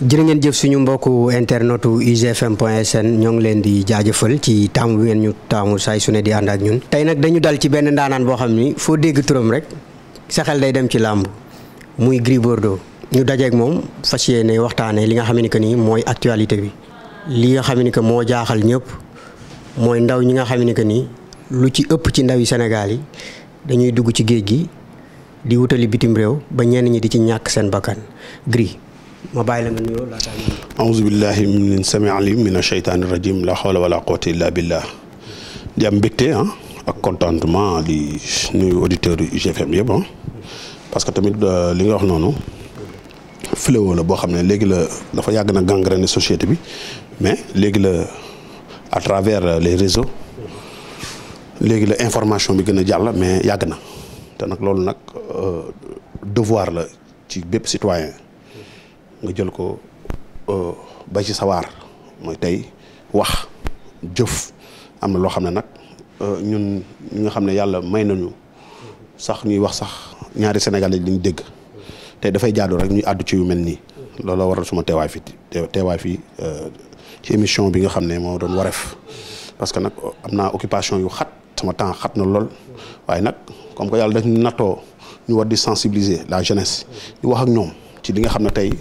jërë ngeen jëf suñu mbokku internetu ugfm point sn ñoo ngi leen di jaajëfal ci taamu bi ngeen ñu taamu saay su ne di ànd ak ñun tey nag dañu dal ci benn ndaanaan boo xam ni dégg turam rek sa xel day dem ci làmb muy Gris Bordeaux ñu dajeeg moom fas yéene waxtaanee li nga xam ne que ni actualité bi li nga ne que jaaxal ñëpp moy ndaw ñi nga xam ne ni lu ci ëpp ci ndaw yi Sénégal yi dañuy dugg ci gi di wutali bitim réew ba ñi di ci ñàkk seen bakkan Gris ما أعوذ بالله من السميع العليم من الشيطان الرجيم لا حول ولا قوة إلا بالله. ديام بيتي أك كونتونتمون لي نيو أوديتور جي فام ييب باسكو تاميت ليغا واخ نونو فلو لا بو خامني ليغي لا دا فا ياغنا غانغراني سوسيتي بي مي ليغي لا ا ترافير لي ريزو ليغي لا انفورماسيون بي غنا جالا مي ياغنا تا نك لولو نك دوفوار لا تي بيب سيتويان nga jël ko euh, ba ci sawaar mooy tey wax jëf am na loo xam ne nag euh, ñun ñi nga xam ne yàlla may nañu sax ñuy wax sax ñaari sénégalais liñ dégg te dafay jaadu rek ñuy àddu ci yu mel nii looloo waral suma teewaay fi teewaay fii euh, ci émission bi nga xam ne moo doon wareef parce que nag am naa occupation yu xat sama temps xat na lool waaye nag comme que yàlla dañ nattoo ñu war di sensibiliser la jeunesse di wax ak ñoom ci li nga xam ne tey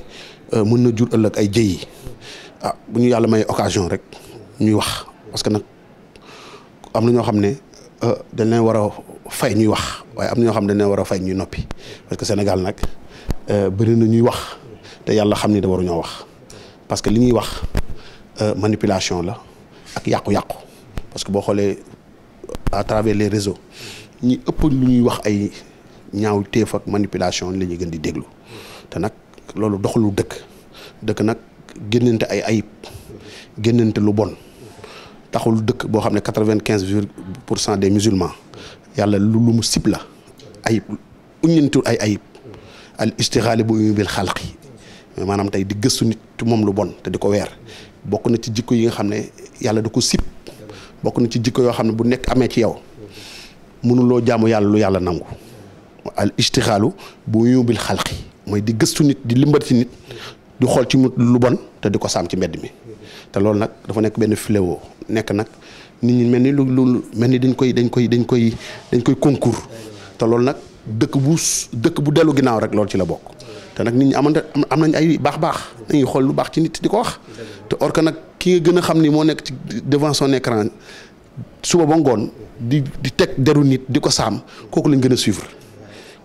Euh, mën na jur ëllëg ay jëyi ah bu ñu yàlla may occasion rek ñuy wax parce que nag am na ñoo xam ne euh, dañ war a fay ñuy wax waaye am na ñoo xam ne dañ war a fay ñuy noppi parce Sénégal nag euh, bëri na ñuy wax te yàlla xam ni da waru ñoo wax parce que li ñuy wax manipulation la ak yàqu-yàqu parce que boo xoolee à travers les réseaux ñi ëpp lu ñuy wax ay ñaaw téef ak manipulation la ñuy gën di déglu te nag loolu doxalu dëkk dëkk nag génnante ay ayib génnante lu bon taxul dëkk boo xam ne quatre-vingt-quinze virgule pour cent des musulmans yàlla lu lu mu sib la ayib uññantu ay ayib al istixaali bu uñu bil xalq yi mais maanaam tey di gëstu nit moom lu bon te di ko weer bokk na ci jikko yi nga xam ne yàlla da ko sib bokk na ci jikko yoo xam ne bu nekk amee ci yow mënuloo jaamu yàlla lu yàlla nangu al istixaalu bu uñu bil xalq yi moy di geustu nit di limbati nit du xol ci mu lu bon te diko sam ci mbedd mi te loolu nak dafa nek ben fléau nek nak nit ñi melni lu melni dañ koy dañ koy dañ koy dañ koy concours te loolu nak dekk bu dekk bu delu ginaaw rek loolu ci la bok te nak nit ñi amante am ay bax bax dañuy xol lu bax ci nit diko wax te or que nag ki nga gën a xam ni moo nekk ci devant son écran suba ba ngoon di di teg deru nit diko sam saam lañu lañ suivre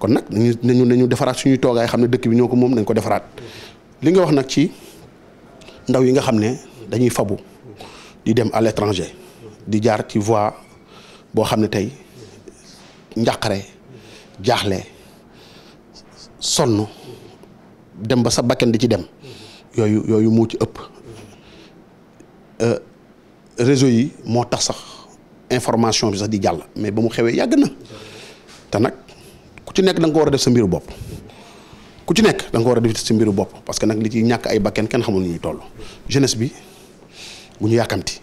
kon nag nañu nañu nañu defaraat suñuy toogaay xam ne dëkk bi ñoo ko moom nañ ko defaraat li nga wax nag ci ndaw yi nga xam ne dañuy fabu di dem à l'étranger di jaar ci voie boo xam ne tey njàqare jaaxle sonn dem ba sa bakken di ci dem yooyu yooyu moo ci ëpp euh, réseau yi moo tax sax information bi sax di jàll mais ba mu xewee yàgg na te nag ci nekk da ko war a def sa mbiru bopp ku ci nekk da ko war a def sa mbiru bopp parce que nag li ci ñàkk ay bakken kenn xamul nu ñuy toll bi bu ñu yàkkamti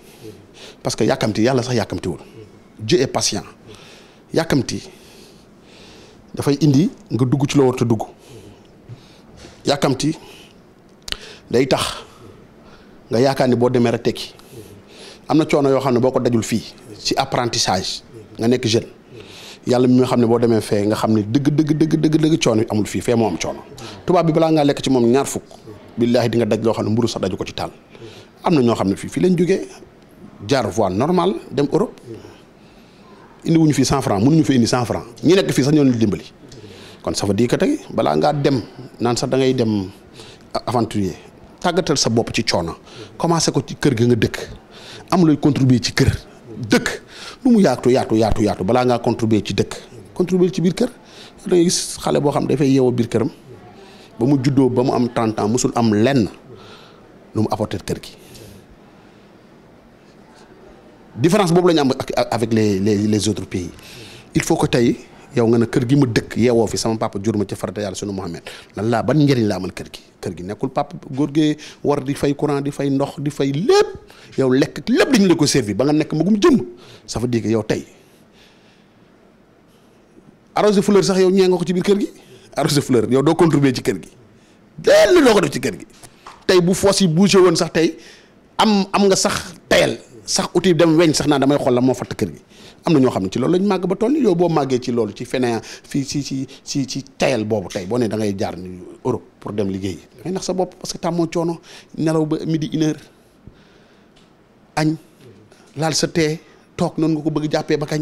parce que yàkkamti yàlla sax yàkkamtiwul Dieu est patient yàkkamti dafay indi nga dugg ci loo war te dugg yàkkamti day tax nga yaakaar ni boo demee rek tekki am na coono yoo xam ne boo ko dajul fii ci apprentissage nga nekk jeune. yàlla mi nga xam ne boo demee fee nga xam ne dëgg dëgg dëgg dëgg dëgg amul fii fee moo am coono tubaab bi balaa ngaa lekk ci moom ñaar fukk billaahi di nga daj loo xam ne mburu sax daju ko ci taal am na ñoo xam ne fii fii lañ jógee jaar voile normal dem Europe indi wuñu fii cent franc mënuñu fi indi cent franc ñi nekk fii sax ñoo leen dimbali kon ça veut dire tey balaa ngaa dem naan sax dangay dem aventurier tàggatal sa bopp ci coono commencé ko ci kër ga nga dëkk am looy ci kër dëkk lu mu yaatu yaatu yaatu yaatu balaa ngaa contribuer ci dëkk contribuer ci biir kër da ngay gis xale boo xam dafay yeewoo biir këram ba mu juddoo ba mu am 30 ans mosul am lenn lu mu apporter kër gi différence boobu la ñu am ak avec les les les autres pays il faut que tey. yow nga ne kër gi ma dëkk fi sama papa jur ma ci farata sunu Muhammad lan laa ban njëriñ la amal kër gi kër gi nekkul papa góor war di fay courant di fay ndox di fay leb yow lek lépp dañu la ko servi ba nga nekk magum jëm ça veut dire que yow tey arrosé fleur sax yow ñee nga ko ci biir kër gi arrosé fleur yow doo contribuer ci kër gi ko def ci kër gi bu foos yi bougé sax am am nga sax tayal sax auti dem weñ sax naa damay xool la moo fatt kër gi am na ñoo xam ne ci loolu lañ màgg ba toll yow boo màggee ci loolu ci feneen fii ci ci ci ci tayal boobu tey boo ne da ngay jaar ni Europe pour dem liggéey ngay nax sa bopp parce que tàmmoo coono nelaw ba midi une heure añ laal sa tee toog noonu nga ko bëgg jàppee ba kañ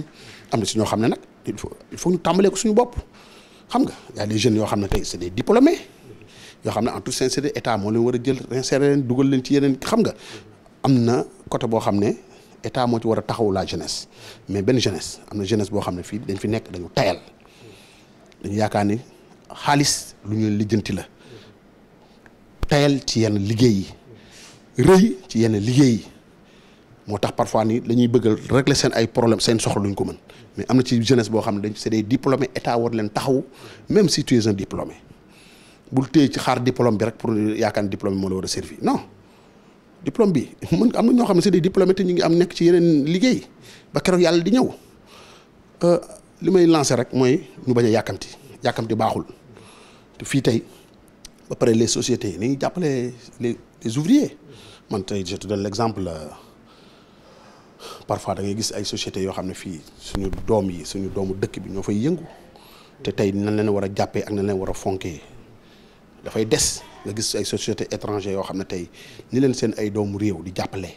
am na si ñoo xam ne nag il faut il ñu tàmbalee ko suñu bopp xam nga y a des yoo xam ne tey c'est des diplômés yoo xam ne en toute sincérité état moo war a jël insérer leen dugal leen ci yeneen xam nga am na côté boo xam ne état moo ci war a taxawu la jeunesse mais benn jeunesse am na jeunesse boo xam ne fii dañ fi nekk dañu tayal dañu yaakaar ni xaalis lu ñuy lijjanti la tayal ci yenn liggéey yi rëy ci yenn liggéey yi moo tax parfois ni la ñuy bëggal régler seen ay problème seen soxla lu ñu ko mën mais am na ci jeunesse boo xam ne dañ see des diplômés état war leen taxawu même si tu es un diplômé bul téye ci xaar diplôme bi rek pour yaakaar diplôme moo diplôme bi mën am na ñoo xam ne c'est des diplômés te ñu ngi am nekk ci yeneen liggéey ba keroog yàlla di ñëw euh, li may lancer rek mooy ñu bañ a yàkkamti yàkkamti baaxul te fii tey ba pare les sociétés ni ngi jàppale les les ouvriers man tey je te donne l'exemple euh, parfois da ngay gis ay sociétés yoo xam ne fii suñu doom yi suñu doomu dëkk bi ñoo fay yëngu te tey na leen war a jàppee ak na leen war a fonkee fay des nga gis ay sociétés étrangères yo xam tay ni len sen ay doomu rew di jappalé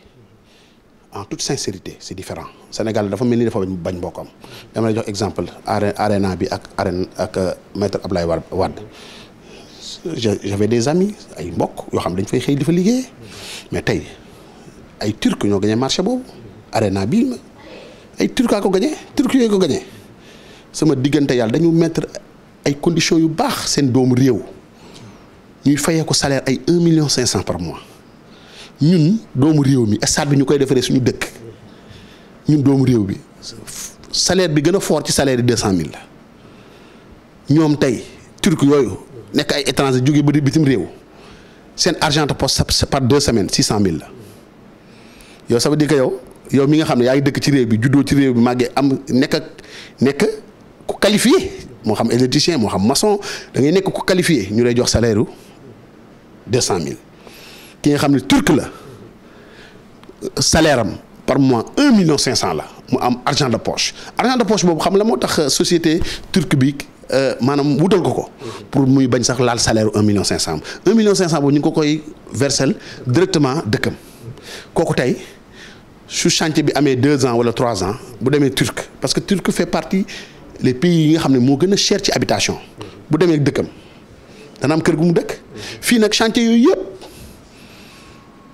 en toute sincérité c'est différent Sénégal dafa melni ni dafa bañ bokam dama lay jox exemple arena bi ak arena ak euh, maître Ablaye Wade j'avais des amis ay mbok yo xam dañ fay xey di fa mais tay ay turc ñoo gagné marché bobu arena bi ay turc a ko gagné? turc yooyu ko gagné sama digënté yalla dañu mettre ay conditions yu bax sen doomu rew ñuy que ko salaire ay 1,5 million par mois ñun doomu réew mi bi suñu dëkk ñun doomu bi salaire bi fort ci salaire deux la ñom tay turk ay étranger argent de poste par deux semaines 600 000. mille la yow ça veut dire que yow yow mi nga ne dëkk ci réew bi juddo ci réew bi maggé am neka neka qualifié xam électricien maçon qualifié salaire 200 000. Qui est un turc là. Salaire par mois 1 million 500 là. Am argent de poche. Argent de poche, je sais que la société turque bic euh, je pour que je un salaire de 1 million 500. 1 million 500, on verse directement de Kem. Si le chantier a 2 ans ou 3 ans, je suis un Turc. Parce que le Turc fait partie des pays qui ont le plus cher habitation. Je suis de Kem. dana am kër gu mu dëkk fii nag chantier yooyu yëpp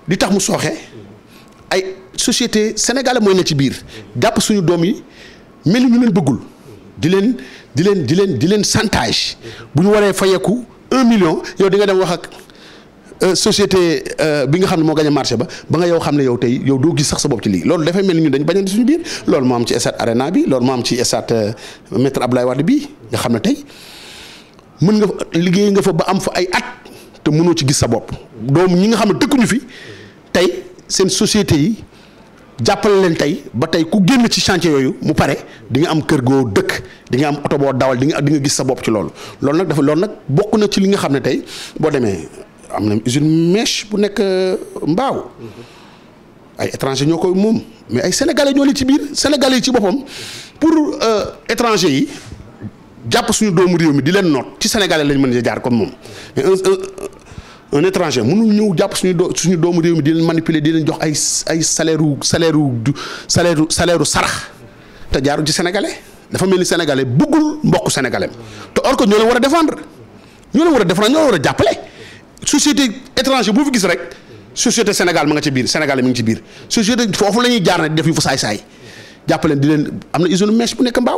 di tax mu sooxe ay société sénégalaise mooy ne ci biir jàpp suñu doom yi mel ñu leen bëggul di leen di leen di leen di leen chantage bu ñu waree fayeku un million yow di nga dem wax ak euh, société euh, bi nga xam ne moo a marché ba ba nga yow xam ne yow tey yow doo gis sax sa bopp ci lii loolu dafay mel ni ñu dañ bañoon suñu biir loolu moo am ci stade Arena bi loolu moo am ci stade euh, Maître Abdoulaye Wade bi nga xam ne tey mën nga fa liggéey nga fa ba am fa ay at te mënoo ci gis sa bopp doom ñi nga xam ne dëkkuñu fi tey seen societé yi jàppale leen tey ba tey ku génn ci chantier yooyu mu pare di nga am kër goo dëkk di nga am oto boo dawal di nga di nga gis sa bopp ci loolu loolu nag dafa loolu nag bokk na ci li nga xam ne tey boo demee am na usine mèche bu nekk euh, mbaaw ay étranger ñoo koy moom mais ay sénégalais ñoo li ci biir sénégale yi ci boppam pour euh, étranger yi jàpp suñu doomu réew mi di leen noot ci sénégalais lañ mën a jaar comme moom mais un un étranger mënul ñëw jàpp suñu doo suñu doomu réew mi di leen manipuler di leen jox ay ay salaire ru salaire ru salaire ru sarax te jaaru ci sénégalais dafa mel ni sénégalais bëggul mbokku sénégalais te or que ñoo leen war a défendre ñoo leen war a défendre ñoo leen war a jàppale société étranger boo fi gis rek société Sénégal ma nga ci biir Sénégal mi ngi ci biir société foofu la ñuy jaar ne di def yu fa saay-saay jàppaleen di leen am na usine mèche bu nekk mbaaw.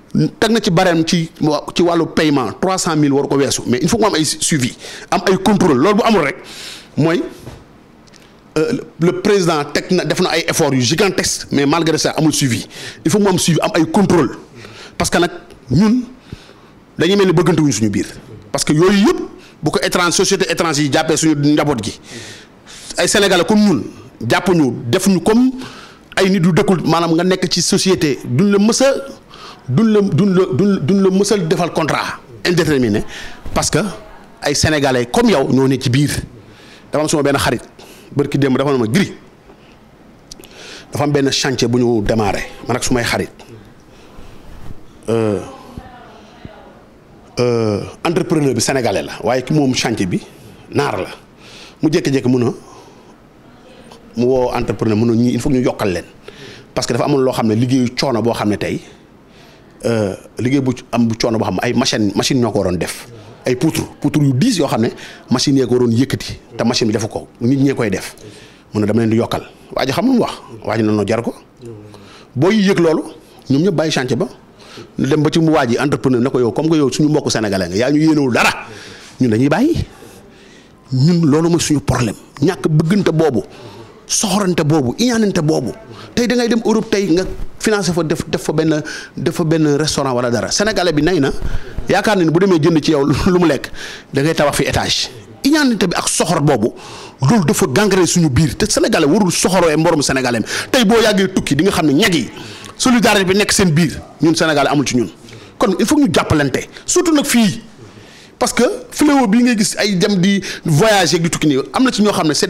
teg na ci barem ci ci walu paiement trois cent war ko wessu mais il faut que mu am ay suivi am ay contrôle lolou bu amul rek moy euh, le président teg na def na ay efforts yu gigantesques mais malgré ça amul suivi il faut que am suivi am ay contrôle parce que nak ñun dañuy melni ni wuñ suñu biir parce que yooyu yëpp bu ko étrange société étrange yi jappé suñu njaboot gi ay sénégalais comme ñun jappu ñu def ñu comme ay nit yu dëkkul maanaam nga nek ci société duñ la mës nous le duñ de contrat indéterminé parce que les sénégalais comme yow nous ne ci biir dafa am xarit dafa na ma dafa chantier bu ñu démarrer man ak sumay xarit euh, euh, entrepreneur bi sénégalais la waaye ki chantier bi nar la mu mu woo entrepreneur il faut parce que Euh, liggéey bu am bu coono boo xam ay machine machine ñoo ko waroon def ay poutre poutre yu diis yoo xam ne machine yee ko waroon yëkkati te machine bi defu ko nit ñee koy def mun na dama leen di yokkal waa xam wax waa ji noonu jar ko boo yëg loolu ñoom ñëpp bàyyi chantier ba dem ba ci mu waa ji entrepreneur na ko yow comme que yow suñu mbokk sénégalais nga yaa ñu yéenewul dara ñun dañuy bàyyi ñun loolu mooy suñu problème ñàkk bëggante boobu soxorante boobu iñaanante boobu tey da ngay dem Europe tey nga financé fa def def fa benn def fa benn restaurant wala dara sénégalais bi nay na yaakaar nañ ni bu demee jënd ci yow lu mu lekk da ngay tabax fi étage iñaanante bi ak soxor boobu loolu dafa gangre suñu biir te sénégalais warul soxoree mborom sénégalais mi tey boo yàggee tukki di nga xam ne ñag yi solidarité bi nekk seen biir ñun sénégalais amul ci ñun kon il faut ñu jàppalante surtout nag fii parce que fléau bii ngay gis ay dem di voyager di tukki nii am na ci ñoo xam ne c'est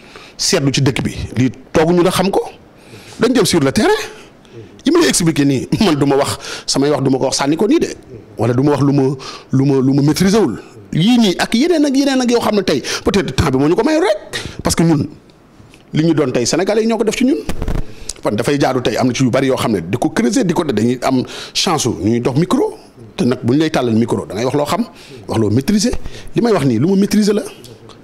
seetlu ci dëkk bi lii tooguñu la xam ko dañ dem sur le terrain yi ma lay expliquer nii man du ma wax samay wax duma ko wax sànni ko nii de wala du ma wax lu ma lu ma lu ma maîtriser wul yii nii ak yeneen ak yeneen ak yoo xam ne tey peut-être temps bi moo ñu ko may rek parce que ñun li ñu doon tey yi ñoo ko def ci ñun. kon dafay jaaru tey am na ci yu bari yoo xam ne di ko creuser di ko dañuy am chance ñuy dox micro te nag bu ñu lay tàllal micro da wax loo xam wax li may wax nii lu ma maîtriser la.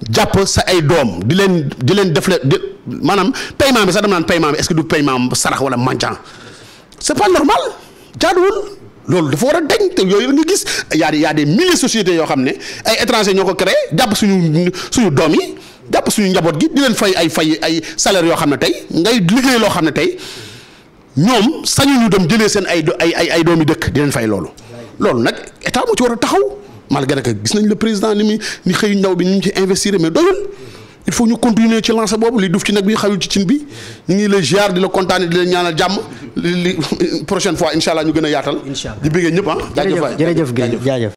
jàpp sa ay doom di leen di leen def la di maanaam paiement bi sa dama naan paiement bi est-ce que du paiement sarax wala mendiant c'est pas normal jaaduwul loolu dafa war a dañ te yooyu nga gis yaa y a des milliers sociétés yoo xam ne ay étrangers ñoo ko créé jàpp suñu suñu doom yi jàpp suñu njaboot gi di leen fay ay fay ay salaire yoo xam ne tey ngay liggéey loo xam ne tey ñoom sañu ñu doom jëlee seen ay ay ay doomi dëkk di leen fay loolu loolu nag état ci war a taxaw. malgré que gis nañ le président ni muy ni xëyu ndaw bi ni ci investir mais doyul il faut ñu continuer ci lancer bobu li duuf ci nak bi xayul ci cin bi ñi ngi lay ziar di le contane di le ñaanal jàmm li prochaine fois inshallah ñu gëna yaatal. inshallah di bëggee ñëpp ah. jaajëf jërëjëf jërëjëf